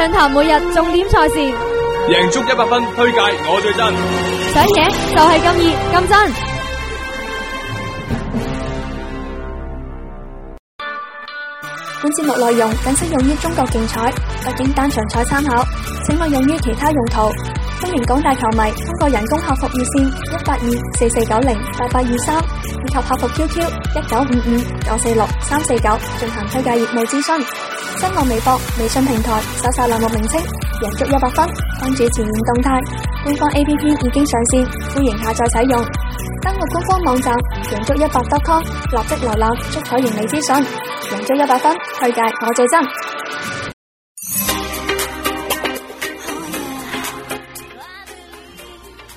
上台每日重點賽事，贏足一百分推介，我最真。想贏就係咁易咁真。本節目內容僅適用於中國競彩，畢竟單場彩參考，請勿用於其他用途。歡迎廣大球迷通過人工客服熱線一八二四四九零八八二三以及客服 QQ 一九五五九四六三四九進行推介業務諮詢。登錄微博、微信平台，搜索欄目名稱“贏足一百分”，關注前沿動態。官方 APP 已經上線，歡迎下載使用。登錄官方網站“贏足一百分 .com”，立即瀏覽精彩完美資訊。贏足一百分，推介我最真。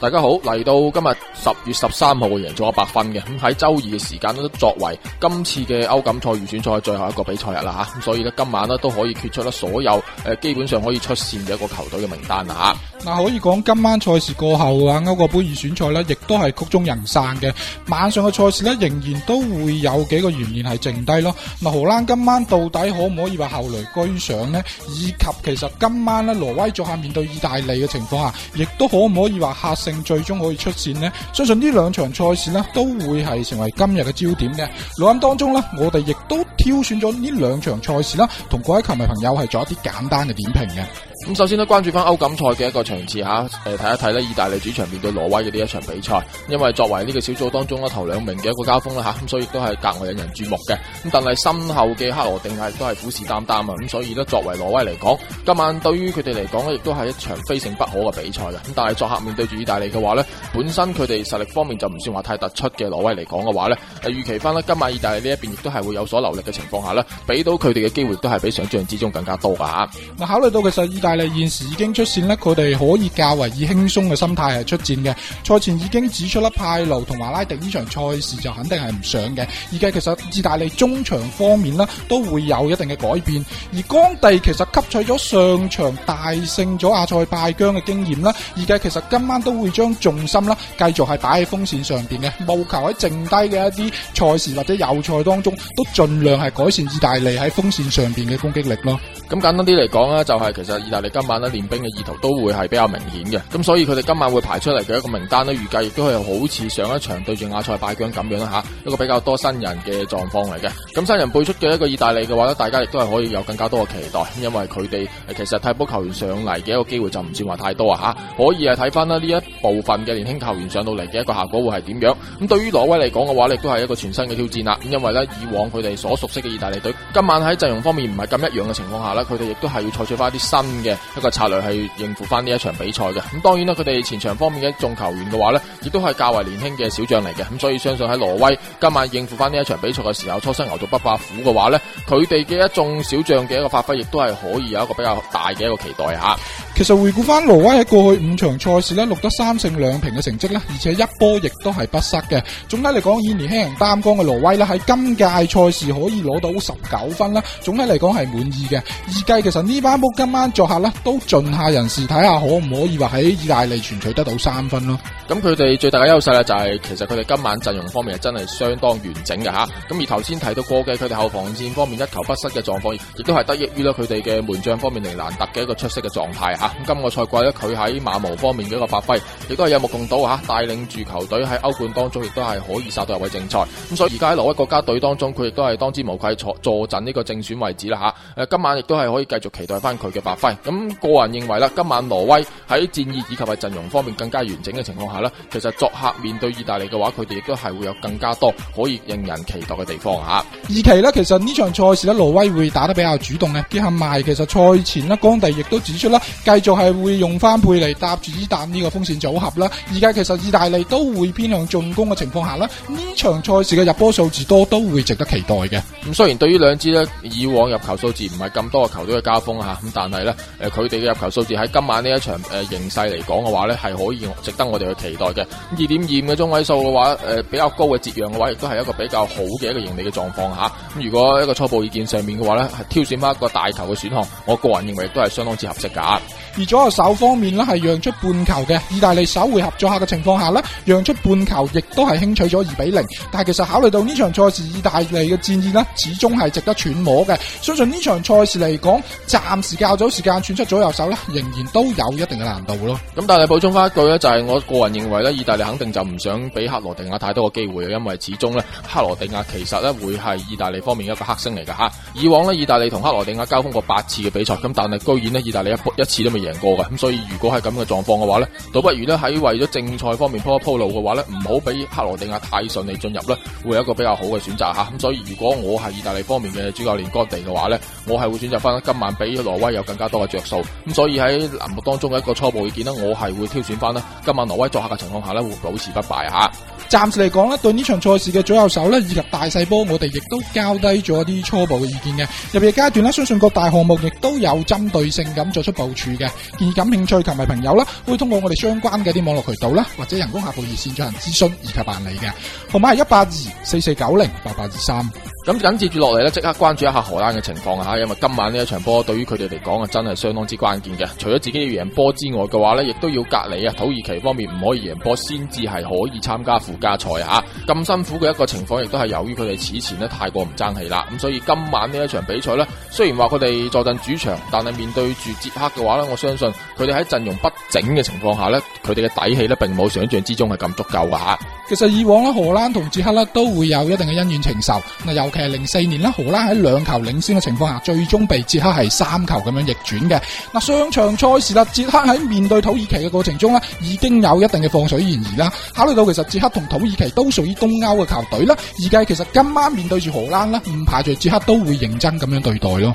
大家好，嚟到今日十月十三號嘅贏足一百 FUN 嘅，咁喺周二嘅時間都作為今次嘅歐錦賽預選賽最後一個比賽日啦吓，所以咧今晚咧都可以決出咧所有誒基本上可以出線嘅一個球隊嘅名單啦吓。嗱，可以講今晚賽事過後啊，話，歐國杯預選賽咧亦都係曲終人散嘅。晚上嘅賽事咧仍然都會有幾個懸念係剩低咯。嗱，荷蘭今晚到底可唔可以話後來居上呢？以及其實今晚咧挪威作客面對意大利嘅情況下，亦都可唔可以話客勝？最終可以出線呢，相信呢兩場賽事呢都會係成為今日嘅焦點嘅。錄音當中呢，我哋亦都挑選咗呢兩場賽事啦，同各位球迷朋友係做一啲簡單嘅點評嘅。咁首先呢，關注翻歐錦賽嘅一個場次吓，誒，睇一睇咧，意大利主場面對挪威嘅呢一場比賽，因為作為呢個小組當中咧頭兩名嘅一個交鋒啦吓，咁所以都係格外引人注目嘅。咁但係身後嘅克羅地亞都係虎視眈眈啊，咁所以咧，作為挪威嚟講，今晚對於佢哋嚟講咧，亦都係一場非勝不可嘅比賽嘅。咁但係作客面對住意大利。嘅話咧，本身佢哋實力方面就唔算話太突出嘅。挪威嚟講嘅話咧，預期翻啦。今晚意大利呢一邊亦都係會有所留力嘅情況下咧，俾到佢哋嘅機會都係比想象之中更加多噶吓，啊。考慮到其實意大利現時已經出線咧，佢哋可以較為以輕鬆嘅心態係出戰嘅。賽前已經指出啦，派奴同華拉迪呢場賽事就肯定係唔上嘅。而家其實意大利中場方面咧都會有一定嘅改變，而當地其實吸取咗上場大勝咗阿塞拜疆嘅經驗啦。而家其實今晚都，會將重心啦，繼續係擺喺鋒線上邊嘅，務求喺剩低嘅一啲賽事或者友賽當中，都盡量係改善意大利喺鋒線上邊嘅攻擊力咯。咁簡單啲嚟講咧，就係、是、其實意大利今晚咧練兵嘅意圖都會係比較明顯嘅。咁所以佢哋今晚會排出嚟嘅一個名單咧，預計亦都係好似上一場對住亞賽拜疆咁樣啦吓，一個比較多新人嘅狀況嚟嘅。咁新人輩出嘅一個意大利嘅話咧，大家亦都係可以有更加多嘅期待，因為佢哋其實替補球員上嚟嘅一個機會就唔算話太多啊吓，可以係睇翻呢一。部分嘅年輕球員上到嚟嘅一個效果會係點樣？咁對於挪威嚟講嘅話，亦都係一個全新嘅挑戰啦。因為呢以往佢哋所熟悉嘅意大利隊，今晚喺陣容方面唔係咁一樣嘅情況下呢，佢哋亦都係要採取翻一啲新嘅一個策略去應付翻呢一場比賽嘅。咁當然啦，佢哋前場方面嘅一眾球員嘅話呢，亦都係較為年輕嘅小將嚟嘅。咁所以相信喺挪威今晚應付翻呢一場比賽嘅時候，初生牛犢不怕虎嘅話呢，佢哋嘅一眾小將嘅一個發揮，亦都係可以有一個比較大嘅一個期待吓。其實回顧翻挪威喺過去五場賽事咧，錄得三勝兩平嘅成績咧，而且一波亦都係不失嘅。總體嚟講，以年輕人擔綱嘅挪威啦，喺今屆賽事可以攞到十九分啦。總體嚟講係滿意嘅。預計其實呢班屋今晚作客咧，都盡下人事睇下可唔可以話喺意大利全取得到三分咯。咁佢哋最大嘅優勢咧就係、是，其實佢哋今晚陣容方面係真係相當完整嘅吓。咁而頭先睇到過嘅佢哋後防線方面一球不失嘅狀況，亦都係得益於佢哋嘅門將方面尼蘭特嘅一個出色嘅狀態。啊、今個賽季咧，佢喺馬毛方面嘅一個發揮，亦都係有目共睹啊！帶領住球隊喺歐冠當中，亦都係可以殺到入位正賽。咁、啊、所以而家喺挪威國家隊當中，佢亦都係當之無愧坐坐鎮呢個正選位置啦！吓、啊，今晚亦都係可以繼續期待翻佢嘅發揮。咁、啊、個人認為啦，今晚挪威喺戰意以及係陣容方面更加完整嘅情況下咧，其實作客面對意大利嘅話，佢哋亦都係會有更加多可以令人期待嘅地方吓。二期咧，其實場賽呢場賽事咧，挪威會打得比較主動嘅。結合埋，其實賽前咧，岡蒂亦都指出啦。繼續係會用翻佩利搭住伊旦呢個風扇組合啦，而家其實意大利都會偏向進攻嘅情況下啦，呢場賽事嘅入波數字多都會值得期待嘅。咁雖然對於兩支咧以往入球數字唔係咁多嘅球隊嘅交鋒吓，咁但係咧誒佢哋嘅入球數字喺今晚呢一場誒、呃、形勢嚟講嘅話咧係可以值得我哋去期待嘅。二點二五嘅中位數嘅話，誒、呃、比較高嘅折讓嘅話，亦都係一個比較好嘅一個盈利嘅狀況吓。咁、啊、如果一個初步意見上面嘅話咧，係挑選翻一個大球嘅選項，我個人認為亦都係相當之合適噶。而左右手方面呢係讓出半球嘅。意大利首回合作客嘅情況下呢讓出半球亦都係輕取咗二比零。但係其實考慮到呢場賽事，意大利嘅戰意呢始終係值得揣摩嘅。相信呢場賽事嚟講，暫時較早時間串出左右手呢仍然都有一定嘅難度咯。咁但係補充翻一句呢就係、是、我個人認為呢意大利肯定就唔想俾克羅地亞太多嘅機會嘅，因為始終呢克羅地亞其實呢會係意大利方面一個黑星嚟嘅吓。以往呢意大利同克羅地亞交鋒過八次嘅比賽，咁但係居然呢意大利一一,一次都未。贏過嘅，咁所以如果係咁嘅狀況嘅話咧，倒不如咧喺為咗正賽方面鋪一鋪路嘅話咧，唔好俾克羅地亞太順利進入咧，會有一個比較好嘅選擇吓。咁所以如果我係意大利方面嘅主教練哥地嘅話咧，我係會選擇翻今晚俾挪威有更加多嘅着數。咁所以喺欄目當中嘅一個初步意見咧，我係會挑選翻啦，今晚挪威作客嘅情況下咧，會保持不敗吓。暫時嚟講咧，對呢場賽事嘅左右手咧，以及大細波，我哋亦都交低咗啲初步嘅意見嘅。入夜階段咧，相信各大項目亦都有針對性咁作出部署嘅。建議感興趣球迷朋友啦，可以通過我哋相關嘅啲網絡渠道啦，或者人工客服熱線進行諮詢以及辦理嘅。號碼係一八二四四九零八八二三。咁緊接住落嚟咧，即刻關注一下荷蘭嘅情況吓，因為今晚呢一場波對於佢哋嚟講啊，真係相當之關鍵嘅。除咗自己要贏波之外嘅話呢，亦都要隔離啊土耳其方面唔可以贏波，先至係可以參加附加賽吓。咁辛苦嘅一個情況，亦都係由於佢哋此前呢太過唔爭氣啦。咁所以今晚呢一場比賽呢，雖然話佢哋坐鎮主場，但係面對住捷克嘅話咧，我相信佢哋喺陣容不整嘅情況下咧，佢哋嘅底氣咧，並冇想象之中係咁足夠噶吓。其實以往咧，荷蘭同捷克呢都會有一定嘅恩怨情仇嗱。其實零四年啦，荷蘭喺兩球領先嘅情況下，最終被捷克係三球咁樣逆轉嘅。嗱，上場賽事啦，捷克喺面對土耳其嘅過程中呢，已經有一定嘅放水嫌疑啦。考慮到其實捷克同土耳其都屬於東歐嘅球隊啦，而家其實今晚面對住荷蘭啦，唔排除捷克都會認真咁樣對待咯。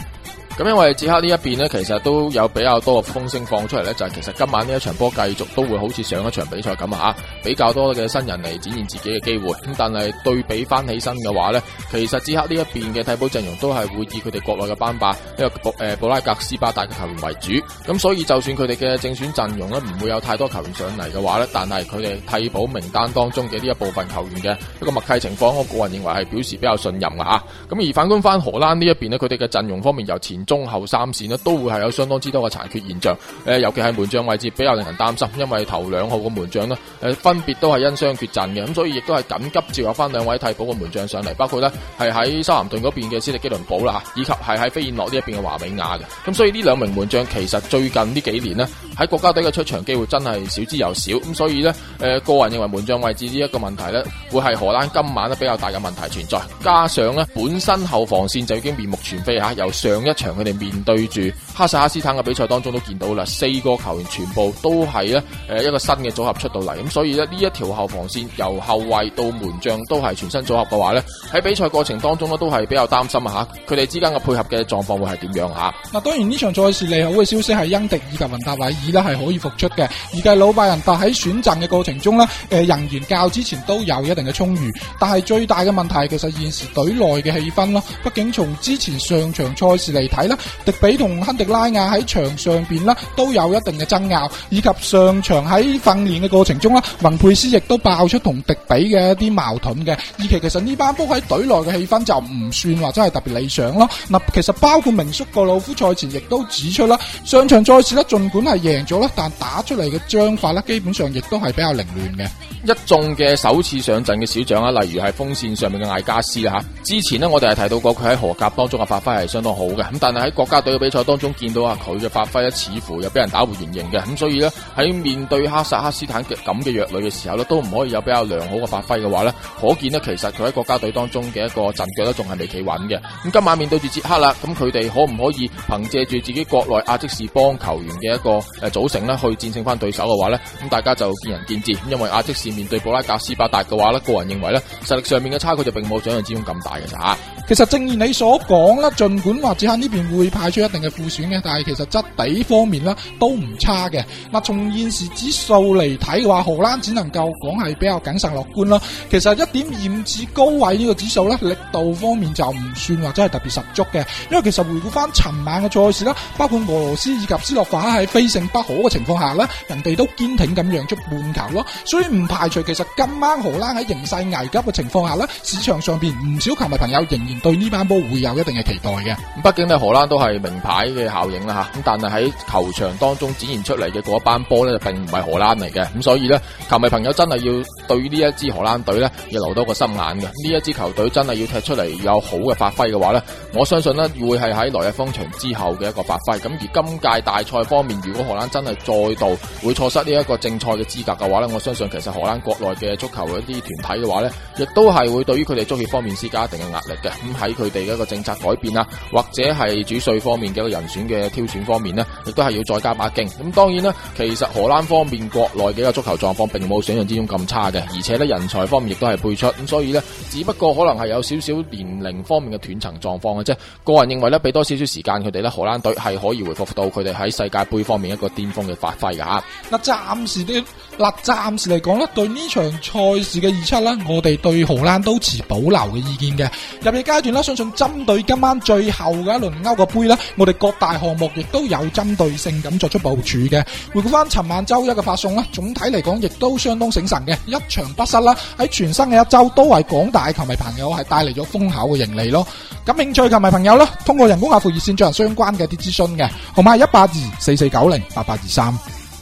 咁因為捷克呢一邊咧，其實都有比較多嘅風聲放出嚟咧，就係其實今晚呢一場波繼續都會好似上一場比賽咁啊，比較多嘅新人嚟展現自己嘅機會。咁但係對比翻起身嘅話咧，其實捷克呢一邊嘅替補陣容都係會以佢哋國內嘅班霸，一個誒布拉格斯巴達嘅球員為主。咁所以就算佢哋嘅正選陣容咧唔會有太多球員上嚟嘅話咧，但係佢哋替補名單當中嘅呢一部分球員嘅一個默契情況，我個人認為係表示比較信任啊。咁而反觀翻荷蘭呢一邊咧，佢哋嘅陣容方面由前中後三線咧都會係有相當之多嘅殘缺現象，誒尤其係門將位置比較令人擔心，因為頭兩號嘅門將咧誒分別都係因傷缺陣嘅，咁所以亦都係緊急召入翻兩位替補嘅門將上嚟，包括咧係喺修咸頓嗰邊嘅斯力基倫堡啦，以及係喺飛燕諾呢一邊嘅華美亞嘅，咁所以呢兩名門將其實最近呢幾年咧喺國家隊嘅出場機會真係少之又少，咁所以咧誒個人認為門將位置呢一個問題咧，會係荷蘭今晚咧比較大嘅問題存在，加上咧本身後防線就已經面目全非嚇，由上一場，佢哋面對住哈薩克斯坦嘅比賽當中都見到啦，四個球員全部都係咧誒一個新嘅組合出到嚟，咁所以咧呢一條後防線由後衛到門將都係全新組合嘅話呢，喺比賽過程當中咧都係比較擔心啊吓，佢哋之間嘅配合嘅狀況會係點樣吓？嗱，當然呢場賽事利好嘅消息係因迪以及文達韋爾咧係可以復出嘅，而家老拜仁達喺選擇嘅過程中呢，誒人員較之前都有一定嘅充裕，但係最大嘅問題其實現時隊內嘅氣氛咯，畢竟從之前上場賽事嚟睇。迪比同亨迪拉亞喺場上邊啦，都有一定嘅爭拗，以及上場喺訓練嘅過程中啦，文佩斯亦都爆出同迪比嘅一啲矛盾嘅，以其其實呢班波喺隊內嘅氣氛就唔算話真係特別理想咯。嗱，其實包括明叔個老夫賽前亦都指出啦，上場賽事咧，盡管係贏咗啦，但打出嚟嘅章法咧，基本上亦都係比較凌亂嘅。一眾嘅首次上陣嘅小將啊，例如係鋒線上面嘅艾加斯吓，之前咧我哋係提到過佢喺荷甲當中嘅發揮係相當好嘅，但係喺國家隊嘅比賽當中見到阿佢嘅發揮咧，似乎又俾人打回原形嘅。咁所以呢，喺面對哈薩克斯坦嘅咁嘅弱旅嘅時候咧，都唔可以有比較良好嘅發揮嘅話呢可見呢，其實佢喺國家隊當中嘅一個陣腳咧，仲係未企穩嘅。咁今晚面對住捷克啦，咁佢哋可唔可以憑借住自己國內阿積士幫球員嘅一個誒組成呢去戰勝翻對手嘅話呢？咁大家就見仁見智。因為阿積士面對布拉格斯巴達嘅話呢個人認為呢實力上面嘅差距就並冇想象之中咁大嘅咋。其實正如你所講啦，儘管或者喺呢邊會派出一定嘅副選嘅，但係其實質地方面啦都唔差嘅。嗱，從現時指數嚟睇嘅話，荷蘭只能夠講係比較謹慎樂觀啦。其實一點二五指高位呢個指數咧，力度方面就唔算或者係特別十足嘅。因為其實回顧翻尋晚嘅賽事啦，包括俄羅斯以及斯洛伐克喺非勝不可嘅情況下咧，人哋都堅挺咁讓出半球咯。所以唔排除其實今晚荷蘭喺形勢危急嘅情況下咧，市場上邊唔少球迷朋友仍然。對呢班波會有一定嘅期待嘅，畢竟呢，荷蘭都係名牌嘅效應啦吓，咁但係喺球場當中展現出嚟嘅嗰一班波呢，並唔係荷蘭嚟嘅，咁所以呢，球迷朋友真係要對呢一支荷蘭隊呢，要留多個心眼嘅。呢一支球隊真係要踢出嚟有好嘅發揮嘅話呢，我相信呢，會係喺來日方長之後嘅一個發揮。咁而今屆大賽方面，如果荷蘭真係再度會錯失呢一個正賽嘅資格嘅話呢，我相信其實荷蘭國內嘅足球一啲團體嘅話呢，亦都係會對於佢哋足協方面施加一定嘅壓力嘅。喺佢哋嘅一個政策改變啊，或者係主帥方面嘅一個人選嘅挑選方面咧，亦都係要再加把勁。咁當然啦，其實荷蘭方面國內嘅一個足球狀況並冇想象之中咁差嘅，而且咧，人才方面亦都係輩出。咁所以咧，只不過可能係有少少年齡方面嘅斷層狀況嘅啫。個人認為咧，俾多少少時間佢哋咧，荷蘭隊係可以回復到佢哋喺世界盃方面一個巔峰嘅發揮噶吓。嗱暫時啲，嗱暫時嚟講咧，對呢場賽事嘅預測咧，我哋對荷蘭都持保留嘅意見嘅。入夜階段啦，相信針對今晚最後嘅一輪歐國杯啦，我哋各大項目亦都有針對性咁作出部署嘅。回顧翻尋晚周一嘅發送啦，總體嚟講亦都相當醒神嘅，一場不失啦。喺全新嘅一周，都為廣大球迷朋友係帶嚟咗豐厚嘅盈利咯。咁興趣嘅球迷朋友啦，通過人工客服熱線進行相關嘅啲諮詢嘅，號碼係一八二四四九零八八二三。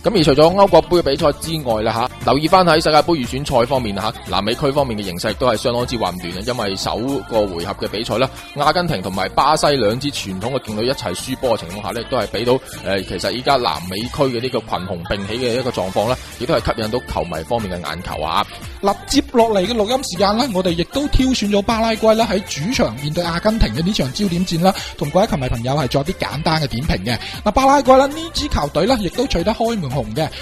咁而除咗歐國盃嘅比賽之外啦，吓，留意翻，喺世界盃預選賽方面吓，南美區方面嘅形勢都係相當之混亂啊！因為首個回合嘅比賽咧，阿根廷同埋巴西兩支傳統嘅勁旅一齊輸波嘅情況下咧，都係俾到誒，其實依家南美區嘅呢個群雄並起嘅一個狀況咧，亦都係吸引到球迷方面嘅眼球啊！嗱，接落嚟嘅錄音時間咧，我哋亦都挑選咗巴拉圭啦，喺主場面對阿根廷嘅呢場焦點戰啦，同各位球迷朋友係做啲簡單嘅點評嘅。嗱，巴拉圭啦，呢支球隊咧，亦都取得開門。紅嘅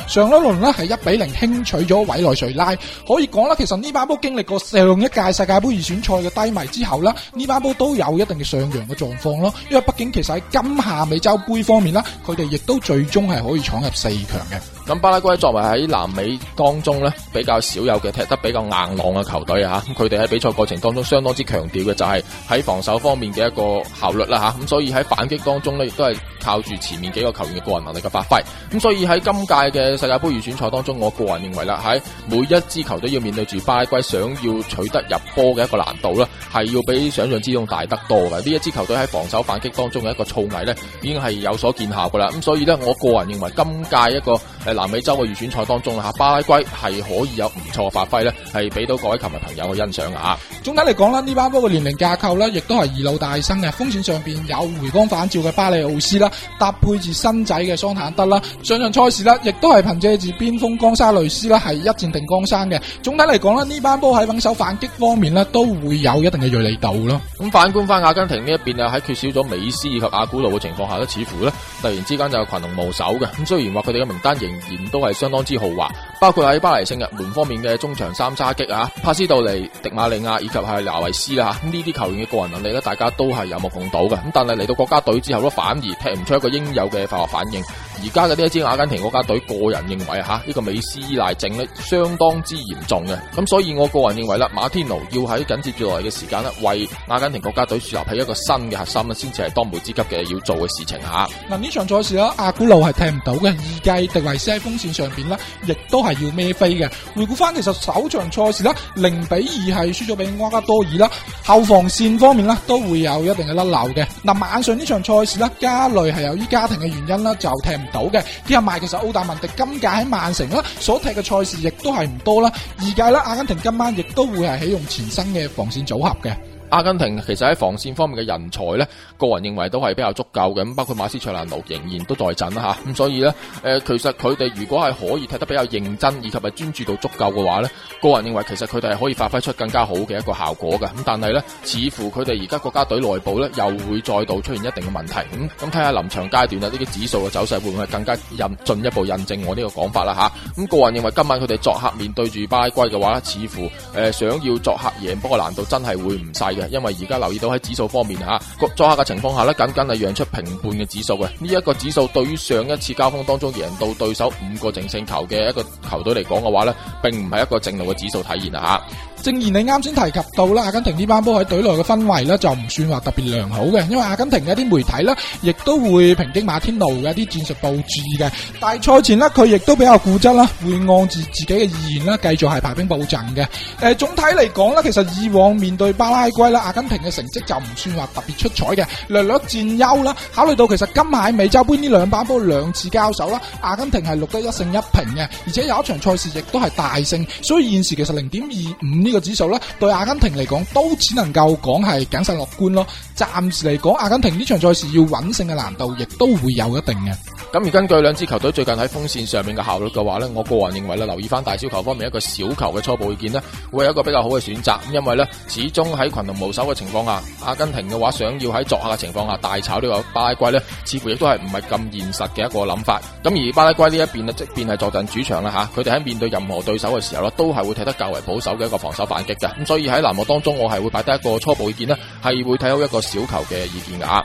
上一輪呢係一比零輕取咗委內瑞拉，可以講啦，其實呢把波經歷過上一屆世界杯預選賽嘅低迷之後啦，呢把波都有一定嘅上揚嘅狀況咯。因為畢竟其實喺今夏美洲杯方面啦，佢哋亦都最終係可以闖入四強嘅。咁巴拉圭作為喺南美當中呢，比較少有嘅踢得比較硬朗嘅球隊啊，佢哋喺比賽過程當中相當之強調嘅就係、是、喺防守方面嘅一個效率啦，吓、啊、咁所以喺反擊當中呢，亦都係靠住前面幾個球員嘅個人能力嘅發揮，咁、啊、所以喺今今屆嘅世界杯預選賽當中，我個人認為啦，喺每一支球隊要面對住巴拉圭想要取得入波嘅一個難度啦，係要比想象之中大得多嘅。呢一支球隊喺防守反擊當中嘅一個造詣呢，已經係有所見效噶啦。咁所以呢，我個人認為今屆一個誒南美洲嘅預選賽當中啦，巴拉圭係可以有唔錯嘅發揮咧，係俾到各位球迷朋友嘅欣賞噶。啊，總體嚟講啦，呢班波嘅年齡架構呢，亦都係以老帶新嘅。鋒線上邊有回光返照嘅巴里奧斯啦，搭配住新仔嘅桑坦德啦，上陣賽事。亦都係憑借住邊鋒江沙雷斯啦，係一戰定江山嘅。總體嚟講咧，呢班波喺穩守反擊方面咧，都會有一定嘅銳利度咯。咁反觀翻阿根廷呢一邊啊，喺缺少咗美斯以及阿古路嘅情況下咧，似乎咧突然之間就群龍無首嘅。咁雖然話佢哋嘅名單仍然都係相當之豪華，包括喺巴黎聖日門方面嘅中場三叉戟啊，帕斯杜尼、迪馬利亞以及係拿維斯啦吓，呢啲球員嘅個人能力咧，大家都係有目共睹嘅。咁但係嚟到國家隊之後咧，反而踢唔出一個應有嘅化學反應。而家嘅呢一支阿根廷國家隊，個人認為吓呢、呢個美斯依賴症咧相當之嚴重嘅，咁所以我個人認為啦，馬天奴要喺緊接住來嘅時間咧，為阿根廷國家隊樹立起一個新嘅核心咧，先至係當務之急嘅要做嘅事情吓。嗱、啊、呢場賽事啦，阿古路係踢唔到嘅，預計迪維斯喺鋒線上邊咧，亦都係要孭飛嘅。回顧翻其實首場賽事啦，零比二係輸咗俾厄瓜多爾啦，後防線方面咧都會有一定嘅甩漏嘅。嗱、啊、晚上場呢場賽事啦，加雷係由於家庭嘅原因啦，就踢。到嘅啲人賣，其實歐達文迪今屆喺曼城啦，所踢嘅賽事亦都係唔多啦。而屆啦，阿根廷今晚亦都會係起用前身嘅防線組合嘅。阿根廷其實喺防線方面嘅人才呢個人認為都係比較足夠嘅。咁包括馬斯卓蘭奴仍然都在陣啦，咁所以呢、呃，其實佢哋如果係可以踢得比較認真，以及係專注到足夠嘅話呢，個人認為其實佢哋係可以發揮出更加好嘅一個效果嘅。咁但係呢，似乎佢哋而家國家隊內部呢，又會再度出現一定嘅問題。咁咁睇下臨場階段啊，呢啲指數嘅走勢會唔會更加印進一步印證我這個呢個講法啦。咁個人認為今晚佢哋作客面對住巴拉圭嘅話呢，似乎、呃、想要作客贏，不過難度真係會唔細嘅。因為而家留意到喺指數方面吓，作客嘅情況下咧，僅僅係讓出平半嘅指數嘅，呢、這、一個指數對於上一次交鋒當中贏到對手五個淨勝球嘅一個球隊嚟講嘅話咧，並唔係一個正路嘅指數體現啊吓。正如你啱先提及到啦，阿根廷呢班波喺隊內嘅氛圍咧就唔算話特別良好嘅，因為阿根廷嘅一啲媒體咧亦都會抨擊馬天奴嘅一啲戰術布置嘅。但係賽前咧佢亦都比較固執啦，會按住自己嘅意願啦繼續係排兵布陣嘅。誒、呃、總體嚟講咧，其實以往面對巴拉圭啦，阿根廷嘅成績就唔算話特別出彩嘅，略略占優啦。考慮到其實今晚美洲杯呢兩班波兩次交手啦，阿根廷係錄得一勝一平嘅，而且有一場賽事亦都係大勝，所以現時其實零點二五呢。個指數咧，對阿根廷嚟講都只能夠講係謹慎樂觀咯。暫時嚟講，阿根廷呢場賽事要穩勝嘅難度，亦都會有一定嘅。咁而根據兩支球隊最近喺鋒線上面嘅效率嘅話呢，我個人認為呢，留意翻大小球方面一個小球嘅初步意見呢，會有一個比較好嘅選擇。因為呢，始終喺群龍無首嘅情況下，阿根廷嘅話想要喺作客嘅情況下大炒呢個巴拉圭呢，似乎亦都係唔係咁現實嘅一個諗法。咁而巴拉圭呢一邊呢，即便係坐鎮主場啦吓，佢哋喺面對任何對手嘅時候呢，都係會踢得較為保守嘅一個防守。反擊嘅，咁所以喺欄目當中，我係會擺低一個初步意見咧，係會睇好一個小球嘅意見噶啊！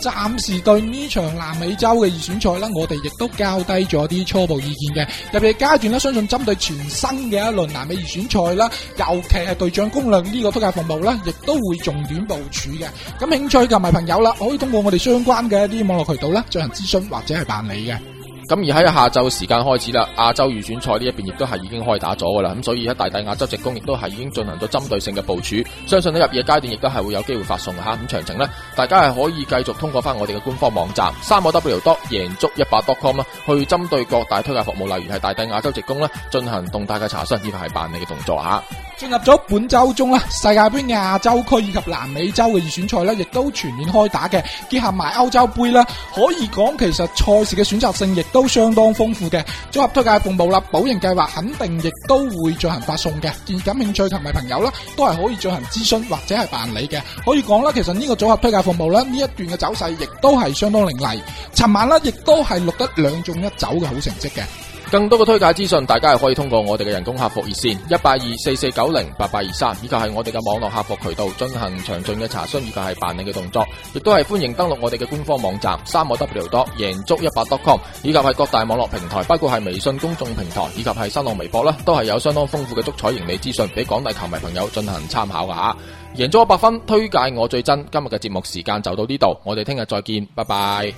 暫時對呢場南美洲嘅預選賽啦，我哋亦都較低咗啲初步意見嘅。特別階段咧，相信針對全新嘅一輪南美預選賽啦，尤其係兌獎公量呢個推介服務咧，亦都會重點部署嘅。咁興趣同埋朋友啦，可以通過我哋相關嘅一啲網絡渠道咧，進行諮詢或者係辦理嘅。咁而喺下晝時間開始啦，亞洲預選賽呢一邊亦都係已經開打咗噶啦。咁所以喺大帝亞洲直工亦都係已經進行咗針對性嘅部署，相信呢入夜階段亦都係會有機會發送下吓。咁詳情呢，大家係可以繼續通過翻我哋嘅官方網站 www 贏足一百 .com 去針對各大推介服務，例如係大帝亞洲直工呢，進行動態嘅查詢以及係辦理嘅動作吓。進入咗本周中啦，世界杯亞洲區以及南美洲嘅預選賽咧，亦都全面開打嘅。結合埋歐洲杯啦，可以講其實賽事嘅選擇性亦都相當豐富嘅。組合推介服務啦，保盈計劃肯定亦都會進行發送嘅。建議感興趣同埋朋友啦，都係可以進行諮詢或者係辦理嘅。可以講啦，其實呢個組合推介服務咧，呢一段嘅走勢亦都係相當凌厲。尋晚啦，亦都係錄得兩中一走嘅好成績嘅。更多嘅推介資訊，大家係可以通過我哋嘅人工客服熱線一八二四四九零八八二三，823，以及係我哋嘅網絡客服渠道進行詳盡嘅查詢，以及係辦理嘅動作，亦都係歡迎登錄我哋嘅官方網站三個 w 多贏足一百 dotcom，以及係各大網絡平台，包括係微信公眾平台以及係新浪微博啦，都係有相當豐富嘅足彩盈利資訊俾廣大球迷朋友進行參考噶吓。贏足一百 FUN，推介我最真。今日嘅節目時間就到呢度，我哋聽日再見，拜拜。